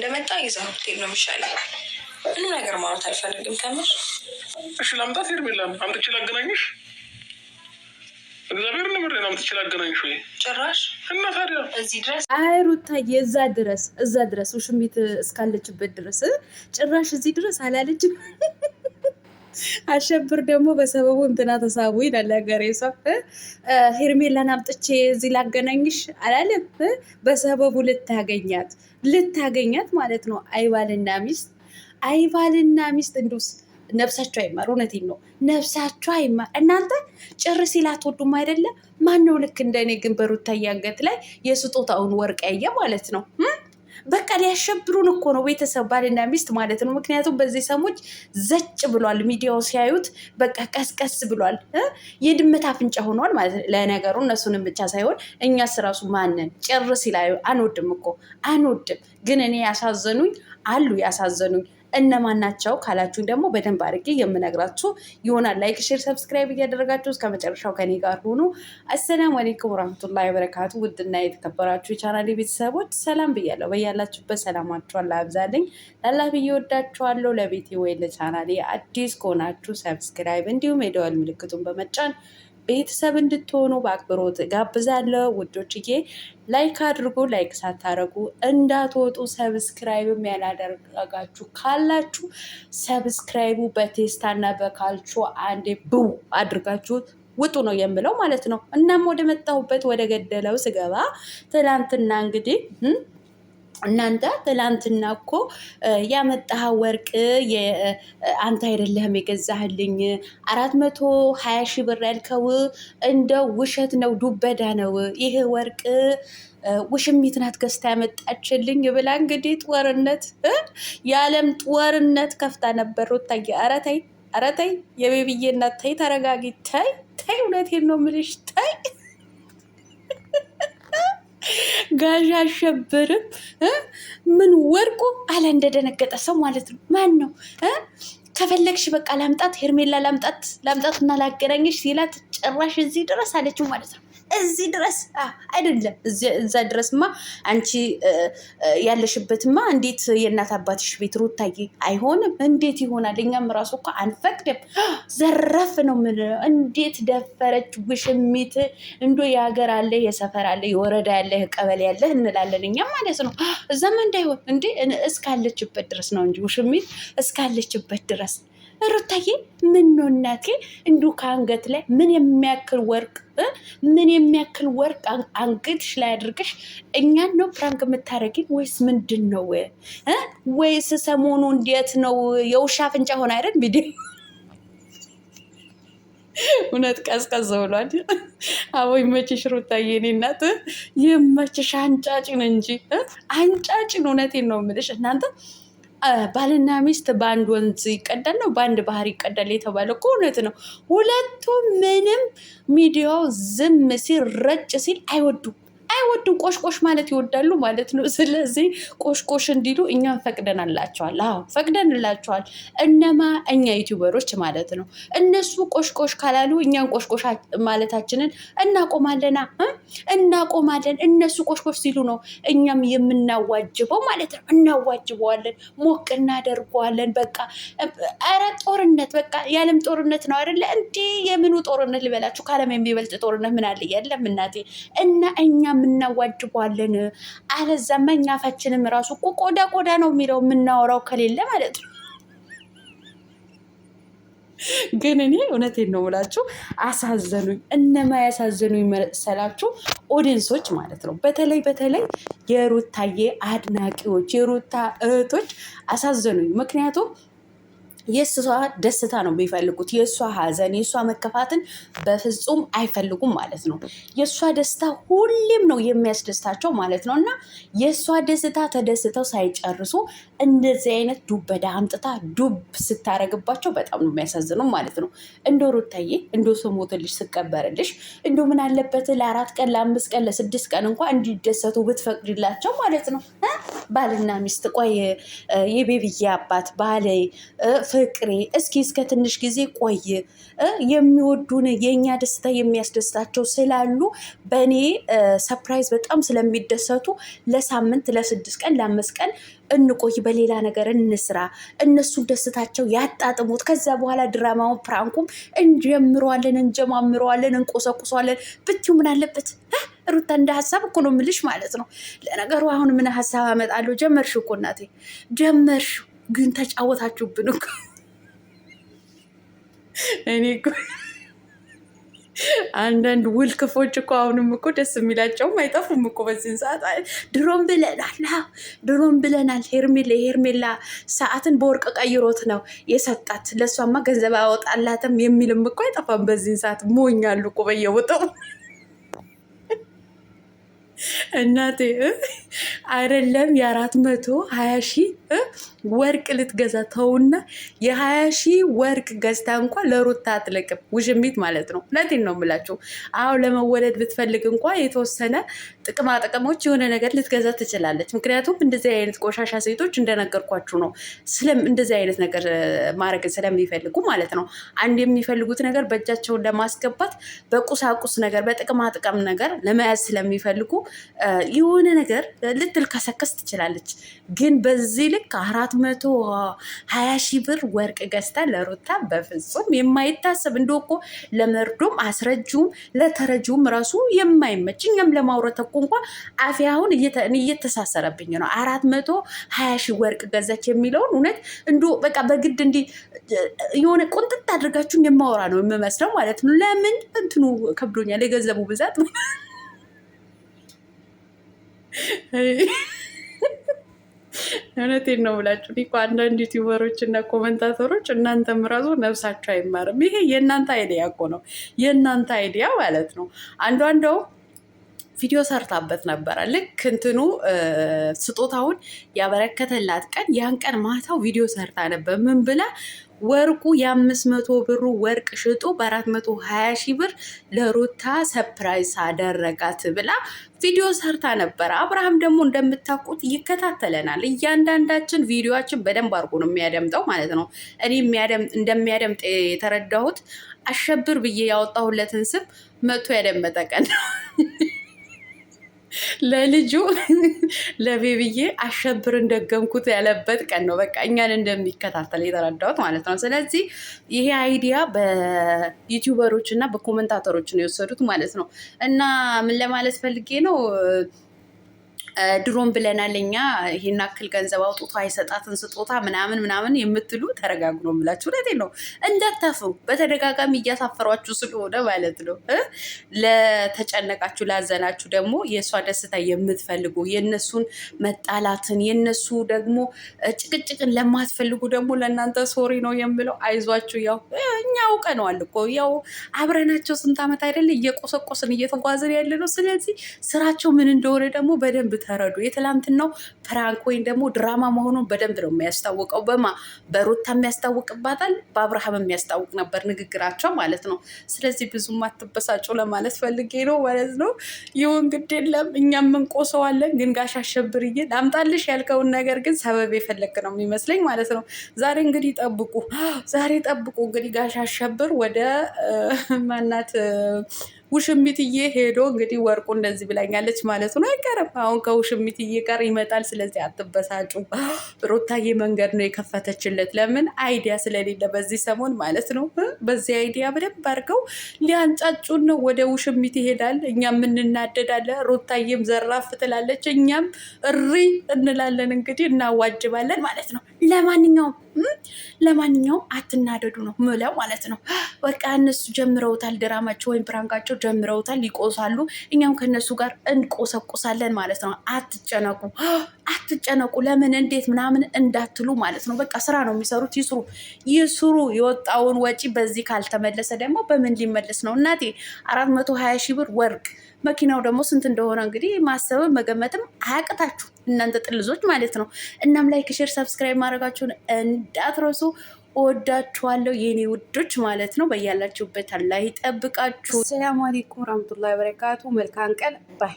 እንደመጣ ይዛ ሆቴል ነው የሚሻለው። ምን ነገር ማውራት አልፈልግም ከምር። እሺ ላምጣት ሄርሜላን አምጥቼ ላገናኝሽ። እግዚአብሔር ንምር ነው አምጥቼ ላገናኝሽ ወይ ጭራሽ። እና ታዲያ እዚህ ድረስ አይሩታ የዛ ድረስ እዛ ድረስ ውሽሚት እስካለችበት ድረስ ጭራሽ እዚህ ድረስ አላለችም። አሸብር ደግሞ በሰበቡ እንትና ተሳቡ ይላል ሀገሬ ሰው። ሄርሜላን አምጥቼ እዚህ ላገናኝሽ አላለም። በሰበቡ ልታገኛት ልታገኛት ማለት ነው። አይባልና ሚስት አይባልና ሚስት እንዱስ ነብሳቸው አይማር። እውነቴን ነው፣ ነብሳቸው አይማር። እናንተ ጭር ሲል አትወዱም አይደለም? ማን ነው ልክ እንደኔ ግን በሩታ ያንገት ላይ የስጦታውን ወርቅ ያየ ማለት ነው። በቃ ሊያሸብሩን እኮ ነው ቤተሰብ ባልና ሚስት ማለት ነው። ምክንያቱም በዚህ ሰሞች ዘጭ ብሏል፣ ሚዲያው ሲያዩት በቃ ቀስቀስ ብሏል፣ የድመት አፍንጫ ሆኗል ማለት ነው። ለነገሩ እነሱንም ብቻ ሳይሆን እኛስ ራሱ ማንን ጭር ሲላዩ አንወድም እኮ አንወድም። ግን እኔ ያሳዘኑኝ አሉ ያሳዘኑኝ እነማን ናቸው ካላችሁን ደግሞ በደንብ አድርጌ የምነግራችሁ ይሆናል። ላይክ፣ ሼር፣ ሰብስክራይብ እያደረጋችሁ እስከ መጨረሻው ከኔ ጋር ሆኑ። አሰላሙ አሌይኩም ወራህመቱላሂ ወበረካቱ። ውድና የተከበራችሁ የቻናሌ ቤተሰቦች ሰላም ብያለሁ። በያላችሁበት ሰላማችኋል አብዛለኝ። ላላ ብዬ ወዳችኋለሁ። ለቤቴ ወይ ለቻናሌ አዲስ ከሆናችሁ ሰብስክራይብ እንዲሁም የደወል ምልክቱን በመጫን ቤተሰብ እንድትሆኑ በአክብሮት ጋብዛለሁ። ውዶችዬ ላይክ አድርጉ። ላይክ ሳታረጉ እንዳትወጡ። ሰብስክራይብም ያላደረጋችሁ ካላችሁ ሰብስክራይቡ በቴስታና በካልቾ አንዴ ብው አድርጋችሁ ውጡ ነው የምለው ማለት ነው። እናም ወደ መጣሁበት ወደ ገደለው ስገባ ትላንትና እንግዲህ እናንተ ትላንትና እኮ ያመጣህ ወርቅ አንተ አይደለህም የገዛህልኝ፣ አራት መቶ ሀያ ሺህ ብር ያልከው እንደ ውሸት ነው፣ ዱበዳ ነው ይህ ወርቅ ውሽሚት ናት ገዝታ ያመጣችልኝ ብላ እንግዲህ ጦርነት፣ የዓለም ጦርነት ከፍታ ነበር። ታየ ኧረ ተይ፣ የቤብዬ ተይ፣ እናት ተይ፣ ተረጋጊ፣ ተይ፣ ተይ፣ እውነቴን ነው የምልሽ ተይ። ጋሽ አሸብርም ምን ወርቁ አለ እንደደነገጠ ሰው ማለት ነው። ማን ነው ከፈለግሽ በቃ ላምጣት፣ ሄርሜላ ላምጣት ላምጣት እና ላገናኘሽ ሲላት ጭራሽ እዚህ ድረስ አለችው ማለት ነው። እዚህ ድረስ አይደለም። እዛ ድረስማ አንቺ ያለሽበትማ እንዴት የእናት አባትሽ ቤት ሩታዬ፣ አይሆንም። እንዴት ይሆናል? እኛም ራሱ እኮ አንፈቅድም። ዘረፍ ነው ምን እንዴት ደፈረች ውሽሚት። እንዶ የሀገር አለ፣ የሰፈር አለ፣ የወረዳ ያለ፣ ቀበሌ ያለ እንላለን እኛ ማለት ነው። እዛማ እንዳይሆን እንዴ እስካለችበት ድረስ ነው እንጂ ውሽሚት እስካለችበት ድረስ ሩታዬ ምን ነው እናቴ፣ እንዱ ከአንገት ላይ ምን የሚያክል ወርቅ ምን የሚያክል ወርቅ አንገትሽ ላይ አድርገሽ እኛን ነው ፕራንክ የምታደርጊን ወይስ ምንድን ነው? ወይስ ሰሞኑ እንዴት ነው የውሻ አፍንጫ ሆነ አይደል? ቪዲዮ እውነት ቀዝቀዝ ብሏል። አቦ ይመችሽ ሩታዬ፣ የኔ እናት ይመችሽ። አንጫጭን እንጂ አንጫጭን። እውነቴን ነው የምልሽ እናንተ ባልና ሚስት በአንድ ወንዝ ይቀዳል ነው በአንድ ባህር ይቀዳል የተባለ እኮ እውነት ነው። ሁለቱም ምንም ሚዲያው ዝም ሲል ረጭ ሲል አይወዱም። አይወዱም። ቆሽቆሽ ማለት ይወዳሉ ማለት ነው። ስለዚህ ቆሽቆሽ እንዲሉ እኛ ፈቅደናላቸዋል። አዎ ፈቅደንላቸዋል። እነማ እኛ ዩቲዩበሮች ማለት ነው። እነሱ ቆሽቆሽ ካላሉ እኛን ቆሽቆሽ ማለታችንን እናቆማለና እናቆማለን። እነሱ ቆሽቆሽ ሲሉ ነው እኛም የምናዋጅበው ማለት ነው። እናዋጅበዋለን፣ ሞቅ እናደርገዋለን። በቃ ኧረ ጦርነት በቃ የዓለም ጦርነት ነው አይደለ እንዴ? የምኑ ጦርነት ልበላችሁ? ከዓለም የሚበልጥ ጦርነት ምን አለ? የለም እናቴ እና እኛም የምናዋጅቧለን። አለዛ መኛፋችንም አፋችንም ራሱ እኮ ቆዳ ቆዳ ነው የሚለው የምናወራው ከሌለ ማለት ነው። ግን እኔ እውነቴን ነው ብላችሁ አሳዘኑኝ። እነማ ያሳዘኑኝ መሰላችሁ? ኦዲንሶች ማለት ነው። በተለይ በተለይ የሩታዬ አድናቂዎች፣ የሩታ እህቶች አሳዘኑኝ። ምክንያቱም የእሷ ደስታ ነው የሚፈልጉት። የእሷ ሐዘን፣ የእሷ መከፋትን በፍጹም አይፈልጉም ማለት ነው። የእሷ ደስታ ሁሌም ነው የሚያስደስታቸው ማለት ነው። እና የእሷ ደስታ ተደስተው ሳይጨርሱ እንደዚህ አይነት ዱበዳ አምጥታ ዱብ ስታረግባቸው በጣም ነው የሚያሳዝኑ ማለት ነው። እንደ ሩታዬ እንደ ስሞትልሽ ስቀበርልሽ እንደ ምን አለበት ለአራት ቀን ለአምስት ቀን ለስድስት ቀን እንኳ እንዲደሰቱ ብትፈቅድላቸው ማለት ነው። ባልና ሚስት ቆይ የቤቢዬ አባት ባሌ ፍቅሬ እስኪ እስከ ትንሽ ጊዜ ቆይ የሚወዱን የእኛ ደስታ የሚያስደስታቸው ስላሉ በእኔ ሰፕራይዝ በጣም ስለሚደሰቱ ለሳምንት ለስድስት ቀን ለአምስት ቀን እንቆይ፣ በሌላ ነገር እንስራ፣ እነሱን ደስታቸው ያጣጥሙት። ከዛ በኋላ ድራማውን ፕራንኩም እንጀምረዋለን፣ እንጀማምረዋለን፣ እንቆሰቁሰዋለን ብትዩ ምን አለበት? ሩታ እንደ ሀሳብ እኮ ነው የምልሽ ማለት ነው። ለነገሩ አሁን ምን ሀሳብ አመጣለሁ? ጀመርሽ እኮ እናቴ ጀመርሽ ግን ተጫወታችሁብን እኮ እኔ እኮ አንዳንድ ውል ክፎች እኮ አሁንም እኮ ደስ የሚላቸውም አይጠፉም እኮ በዚህን ሰዓት። ድሮም ብለናል ድሮም ብለናል። ሄርሜላ ሄርሜላ ሰዓትን በወርቅ ቀይሮት ነው የሰጣት። ለእሷማ ገንዘብ አወጣላትም የሚልም እኮ አይጠፋም በዚህን ሰዓት። ሞኛሉ እኮ እናቴ አይደለም የአራት መቶ ሀያ ወርቅ ልትገዛ ተውና፣ የሀያ ሺህ ወርቅ ገዝታ እንኳ ለሩታ አትለቅም። ውሽሚት ማለት ነው። እውነቴን ነው የምላቸው። አሁን ለመወለድ ብትፈልግ እንኳ የተወሰነ ጥቅማ ጥቅሞች የሆነ ነገር ልትገዛ ትችላለች። ምክንያቱም እንደዚህ አይነት ቆሻሻ ሴቶች እንደነገርኳችሁ ነው፣ እንደዚህ አይነት ነገር ማድረግ ስለሚፈልጉ ማለት ነው። አንድ የሚፈልጉት ነገር በእጃቸውን ለማስገባት በቁሳቁስ ነገር፣ በጥቅማ ጥቅም ነገር ለመያዝ ስለሚፈልጉ የሆነ ነገር ልትልከሰከስ ትችላለች። ግን በዚህ ልክ አራት መቶ ሀያ ሺህ ብር ወርቅ ገዝታ ለሩታ በፍጹም የማይታሰብ እንደ እኮ ለመርዶም አስረጁም ለተረጁም ራሱ የማይመች እኛም ለማውረት እኮ እንኳ አፌ አሁን እየተሳሰረብኝ ነው። አራት መቶ ሀያ ሺህ ወርቅ ገዛች የሚለውን እውነት እንዶ በቃ በግድ እንዲ የሆነ ቁንጥጥ አድርጋችሁ የማወራ ነው የምመስለው ማለት ነው። ለምን እንትኑ ከብዶኛል የገንዘቡ ብዛት እውነቴን ነው ብላችሁ እኮ አንዳንድ ዩቲዩበሮች እና ኮመንታተሮች እናንተም ራሱ ነፍሳቸው አይማርም። ይሄ የእናንተ አይዲያ እኮ ነው፣ የእናንተ አይዲያ ማለት ነው። አንዷ እንደው ቪዲዮ ሰርታበት ነበረ። ልክ እንትኑ ስጦታውን ያበረከተላት ቀን ያን ቀን ማታው ቪዲዮ ሰርታ ነበር። ምን ብላ ወርቁ የአምስት መቶ ብሩ ወርቅ ሽጦ በአራት መቶ ሀያ ሺህ ብር ለሩታ ሰፕራይዝ አደረጋት ብላ ቪዲዮ ሰርታ ነበረ። አብርሃም ደግሞ እንደምታውቁት ይከታተለናል። እያንዳንዳችን ቪዲዮችን በደንብ አድርጎ ነው የሚያደምጠው ማለት ነው። እኔ እንደሚያደምጥ የተረዳሁት አሸብር ብዬ ያወጣሁለትን ስም መቶ ያደመጠ ቀን ነው። ለልጁ ለቤብዬ አሸብር እንደገምኩት ያለበት ቀን ነው። በቃ እኛን እንደሚከታተል የተረዳሁት ማለት ነው። ስለዚህ ይሄ አይዲያ በዩቲዩበሮች እና በኮመንታተሮች ነው የወሰዱት ማለት ነው። እና ምን ለማለት ፈልጌ ነው ድሮም ብለናል እኛ ይህን አክል ገንዘብ አውጥቶ አይሰጣትን ስጦታ ምናምን ምናምን የምትሉ ተረጋግ ነው የምላችሁ። እውነቴን ነው፣ እንዳታፍሩ። በተደጋጋሚ እያሳፈሯችሁ ስለሆነ ማለት ነው። ለተጨነቃችሁ ላዘናችሁ ደግሞ የእሷ ደስታ የምትፈልጉ የእነሱን መጣላትን የእነሱ ደግሞ ጭቅጭቅን ለማትፈልጉ ደግሞ ለእናንተ ሶሪ ነው የምለው። አይዟችሁ፣ ያው እኛ አውቀነዋል እኮ ያው አብረናቸው ስንት ዓመት አይደለ እየቆሰቆስን እየተጓዘን ያለ ነው። ስለዚህ ስራቸው ምን እንደሆነ ደግሞ በደንብ ተረዱ። የትላንትናው ፕራንክ ወይም ደግሞ ድራማ መሆኑን በደንብ ነው የሚያስታውቀው። በማ በሩታ የሚያስታውቅባታል፣ በአብርሃም የሚያስታውቅ ነበር ንግግራቸው ማለት ነው። ስለዚህ ብዙም አትበሳጩ ለማለት ፈልጌ ነው ማለት ነው። ይሁን ግድ የለም እኛም ምንቆሰዋለን። ግን ጋሽ አሸብርዬ ላምጣልሽ ያልከውን ነገር ግን ሰበብ የፈለግ ነው የሚመስለኝ ማለት ነው። ዛሬ እንግዲህ ጠብቁ፣ ዛሬ ጠብቁ እንግዲህ ጋሽ አሸብር ወደ ማናት ውሽሚትዬ ሄዶ እንግዲህ ወርቁ እንደዚህ ብላኛለች ነው። አይቀርም። አሁን ከውሽሚትዬ ጋር ይመጣል። ስለዚህ አትበሳጩ። ሩታዬ መንገድ ነው የከፈተችለት። ለምን አይዲያ ስለሌለ በዚህ ሰሞን ማለት ነው። በዚህ አይዲያ በደንብ አድርገው ሊያንጫጩን ነው። ወደ ውሽሚት ይሄዳል። እኛም እንናደዳለን። ሩታዬም ዘራፍ ትላለች። እኛም እሪ እንላለን። እንግዲህ እናዋጅባለን ማለት ነው። ለማንኛውም ለማንኛውም አትናደዱ ነው ምለው ማለት ነው። በቃ እነሱ ጀምረውታል፣ ድራማቸው ወይም ፕራንካቸው ጀምረውታል፣ ይቆሳሉ። እኛም ከእነሱ ጋር እንቆሰቁሳለን ማለት ነው። አትጨነቁ አትጨነቁ ለምን እንዴት ምናምን እንዳትሉ ማለት ነው። በቃ ስራ ነው የሚሰሩት፣ ይስሩ ይስሩ። የወጣውን ወጪ በዚህ ካልተመለሰ ደግሞ በምን ሊመለስ ነው እናቴ? አራት መቶ ሀያ ሺህ ብር ወርቅ መኪናው ደግሞ ስንት እንደሆነ እንግዲህ ማሰብም መገመትም አያቅታችሁ። እናንተ ጥልዞች ማለት ነው። እናም ላይክ፣ ሼር፣ ሰብስክራይብ ማድረጋችሁን እንዳትረሱ። ወዳችኋለሁ የኔ ውዶች ማለት ነው። በያላችሁበት አላህ ይጠብቃችሁ። ሰላም አሌይኩም ረህመቱላሂ በረካቱ። መልካም ቀን ባይ